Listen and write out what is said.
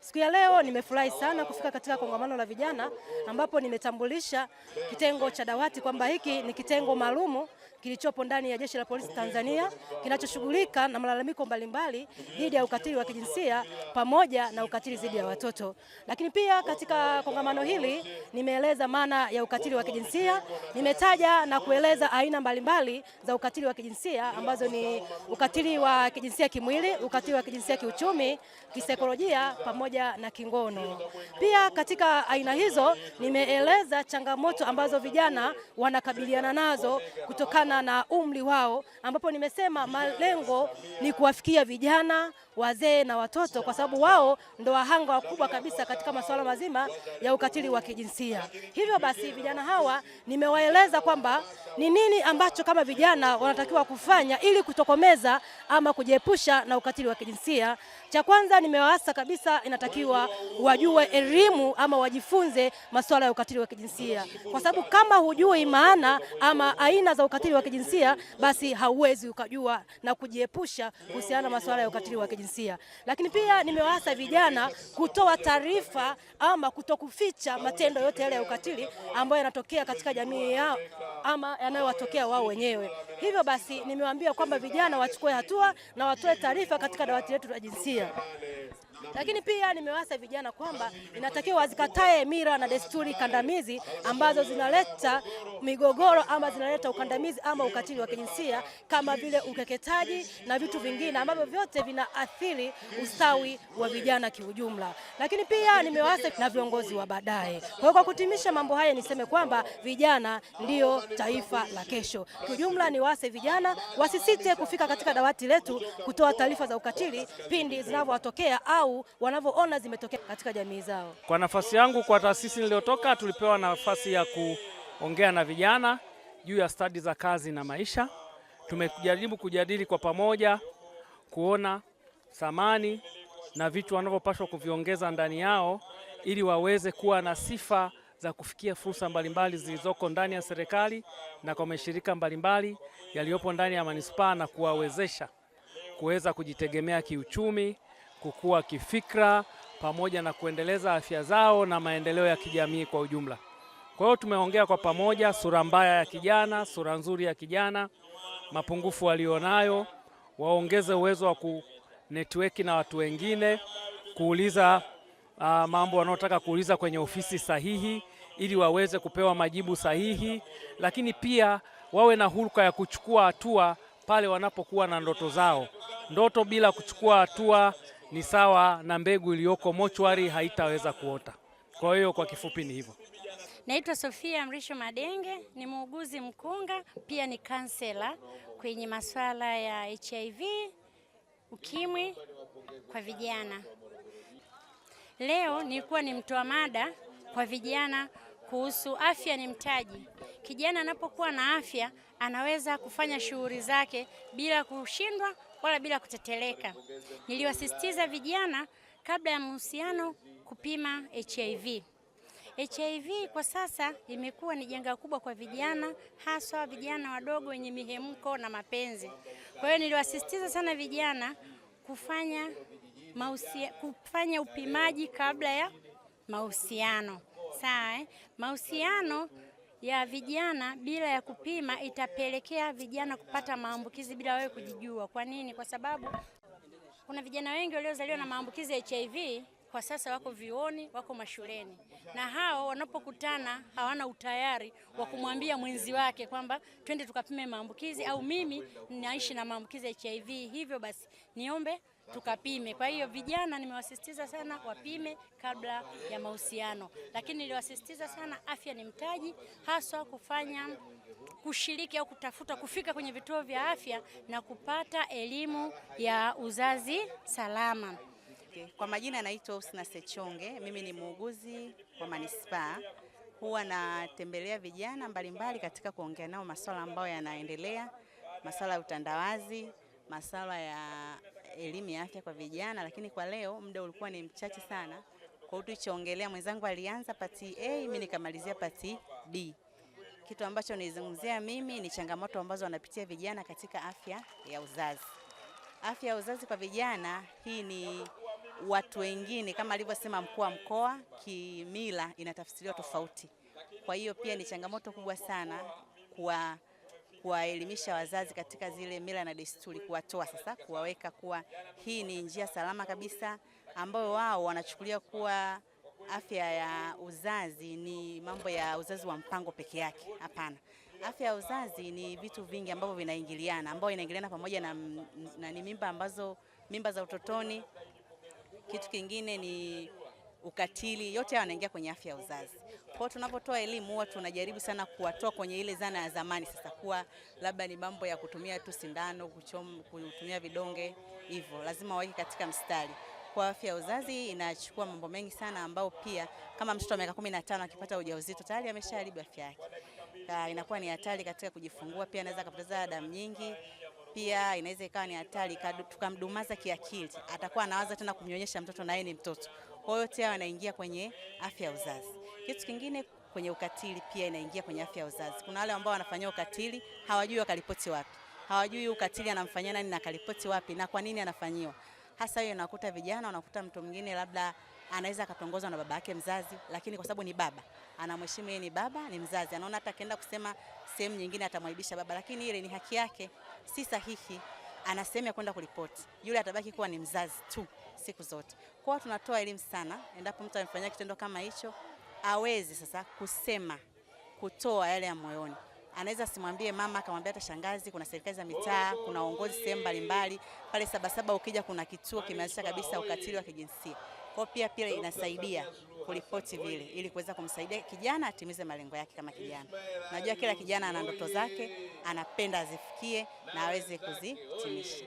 Siku ya leo nimefurahi sana kufika katika kongamano la vijana ambapo nimetambulisha kitengo cha dawati kwamba hiki ni kitengo maalumu kilichopo ndani ya Jeshi la Polisi Tanzania kinachoshughulika na malalamiko mbalimbali dhidi ya ukatili wa kijinsia pamoja na ukatili dhidi ya watoto. Lakini pia katika kongamano hili nimeeleza maana ya ukatili wa kijinsia, nimetaja na kueleza aina mbalimbali za ukatili wa kijinsia ambazo ni ukatili wa kijinsia kimwili, ukatili wa kijinsia kiuchumi, kisaikolojia pamoja na kingono. Pia katika aina hizo nimeeleza changamoto ambazo vijana wanakabiliana nazo kutokana na umri wao, ambapo nimesema malengo ni kuwafikia vijana, wazee na watoto, kwa sababu wao ndo wahanga wakubwa kabisa katika masuala mazima ya ukatili wa kijinsia. Hivyo basi vijana hawa nimewaeleza kwamba ni nini ambacho kama vijana wanatakiwa kufanya ili kutokomeza ama kujiepusha na ukatili wa kijinsia? Cha kwanza nimewaasa kabisa, inatakiwa wajue elimu ama wajifunze masuala ya ukatili wa kijinsia, kwa sababu kama hujui maana ama aina za ukatili wa kijinsia, basi hauwezi ukajua na kujiepusha kuhusiana na masuala ya ukatili wa kijinsia. Lakini pia nimewaasa vijana kutoa taarifa ama kutokuficha matendo yote yale ya ukatili ambayo yanatokea katika jamii yao ama yanayowatokea wao wenyewe. Hivyo basi nimewaambia kwamba vijana wachukue hatua na watoe taarifa katika dawati letu la jinsia. Lakini pia nimewasa vijana kwamba inatakiwa wazikatae mira na desturi kandamizi ambazo zinaleta migogoro ama zinaleta ukandamizi ama ukatili wa kijinsia kama vile ukeketaji na vitu vingine ambavyo vyote vinaathiri ustawi wa vijana kiujumla. Lakini pia nimewasa na viongozi wa baadaye. Kwa hiyo kwa kutimisha mambo haya, niseme kwamba vijana ndio taifa la kesho. Kiujumla, niwase vijana wasisite kufika katika dawati letu kutoa taarifa za ukatili pindi zinavyotokea au au wanavyoona zimetokea katika jamii zao. Kwa nafasi yangu, kwa taasisi niliyotoka, tulipewa nafasi ya kuongea na vijana juu ya stadi za kazi na maisha. Tumejaribu kujadili kwa pamoja, kuona thamani na vitu wanavyopaswa kuviongeza ndani yao ili waweze kuwa na sifa za kufikia fursa mbalimbali zilizoko ndani ya serikali na kwa mashirika mbalimbali yaliyopo ndani ya manispaa na kuwawezesha kuweza kujitegemea kiuchumi kukua kifikra pamoja na kuendeleza afya zao na maendeleo ya kijamii kwa ujumla. Kwa hiyo tumeongea kwa pamoja sura mbaya ya kijana, sura nzuri ya kijana, mapungufu walionayo, waongeze uwezo wa network na watu wengine, kuuliza uh, mambo wanaotaka kuuliza kwenye ofisi sahihi ili waweze kupewa majibu sahihi, lakini pia wawe na hulka ya kuchukua hatua pale wanapokuwa na ndoto zao. Ndoto bila kuchukua hatua ni sawa na mbegu iliyoko mochwari haitaweza kuota. Kwa hiyo kwa kifupi ni hivyo. Naitwa Sofia Mrisho Madenge, ni muuguzi mkunga, pia ni kansela kwenye masuala ya HIV ukimwi kwa vijana. Leo nilikuwa ni mtoa mada kwa vijana kuhusu afya ni mtaji. Kijana anapokuwa na afya anaweza kufanya shughuli zake bila kushindwa wala bila kuteteleka. Niliwasisitiza vijana kabla ya mahusiano kupima HIV. HIV kwa sasa imekuwa ni janga kubwa kwa vijana, haswa vijana wadogo wenye mihemko na mapenzi. Kwa hiyo niliwasisitiza sana vijana kufanya mausia, kufanya upimaji kabla ya mahusiano. Sawa, eh? Mahusiano ya vijana bila ya kupima itapelekea vijana kupata maambukizi bila wewe kujijua. Kwa nini? Kwa sababu kuna vijana wengi waliozaliwa na maambukizi ya HIV kwa sasa wako vioni, wako mashuleni, na hao wanapokutana hawana utayari wa kumwambia mwenzi wake kwamba twende tukapime maambukizi au mimi naishi na maambukizi ya HIV, hivyo basi niombe tukapime. Kwa hiyo vijana nimewasisitiza sana wapime kabla ya mahusiano, lakini niliwasisitiza sana afya ni mtaji, haswa kufanya kushiriki au kutafuta kufika kwenye vituo vya afya na kupata elimu ya uzazi salama. Okay. Kwa majina naitwa Usna Sechonge, mimi ni muuguzi wa manispaa. Huwa natembelea vijana mbalimbali mbali katika kuongea nao masuala ambayo yanaendelea, masuala ya utandawazi, masuala ya elimu ya afya kwa vijana, lakini kwa leo muda ulikuwa ni mchache sana. Kwa hiyo tulichoongelea, mwenzangu alianza pati A, mimi nikamalizia pati B. Kitu ambacho nizungumzia mimi ni changamoto ambazo wanapitia vijana katika afya ya uzazi. Afya ya uzazi kwa vijana hii ni watu wengine, kama alivyosema mkuu wa mkoa, kimila inatafsiriwa tofauti. Kwa hiyo pia ni changamoto kubwa sana kwa kuwaelimisha wazazi katika zile mila na desturi, kuwatoa sasa, kuwaweka kuwa hii ni njia salama kabisa, ambayo wao wanachukulia kuwa afya ya uzazi ni mambo ya uzazi wa mpango peke yake. Hapana, afya ya uzazi ni vitu vingi ambavyo vinaingiliana, ambayo inaingiliana pamoja na, na, ni mimba ambazo mimba za utotoni kitu kingine ni ukatili, yote haya yanaingia kwenye afya ya uzazi. Kwa hiyo tunapotoa elimu huwa tunajaribu sana kuwatoa kwenye ile zana ya zamani, sasa kuwa labda ni mambo ya kutumia tu sindano, kuchom, kutumia vidonge hivyo, lazima waweke katika mstari. Kwa afya ya uzazi inachukua mambo mengi sana, ambao pia kama mtoto wa miaka 15 akipata ujauzito tayari ameshaharibu afya yake, ah, inakuwa ni hatari katika kujifungua, pia anaweza akapoteza damu nyingi pia inaweza ikawa ni hatari, tukamdumaza kiakili, atakuwa anawaza tena kumnyonyesha mtoto, na yeye ni mtoto. Kwa hiyo yote hayo anaingia kwenye afya ya uzazi. Kitu kingine kwenye ukatili pia inaingia kwenye afya ya uzazi. Kuna wale ambao wanafanyia ukatili hawajui wakaripoti wapi, hawajui ukatili anamfanyia nani na akaripoti wapi na kwa nini anafanyiwa. Hasa hiyo inakuta vijana, unakuta mtu mwingine labda anaweza akatongozwa na baba yake mzazi, lakini kwa sababu ni baba anamheshimu yeye, ni baba, ni mzazi, anaona hata akienda kusema sehemu nyingine atamwaibisha baba, lakini ile ni haki yake si sahihi, anasema kwenda kuripoti. Yule atabaki kuwa ni mzazi tu siku zote. Kwa hiyo tunatoa elimu sana, endapo mtu amefanyia kitendo kama hicho, aweze sasa kusema, kutoa yale ya moyoni. Anaweza simwambie mama, akamwambia hata shangazi. Kuna serikali za mitaa, kuna uongozi sehemu mbalimbali. Pale Sabasaba ukija, kuna kituo kimeanzisha kabisa ukatili wa kijinsia kwa pia pia inasaidia kuripoti vile, ili kuweza kumsaidia kijana atimize malengo yake. Kama kijana, najua kila kijana ana ndoto zake anapenda azifikie na aweze kuzitimisha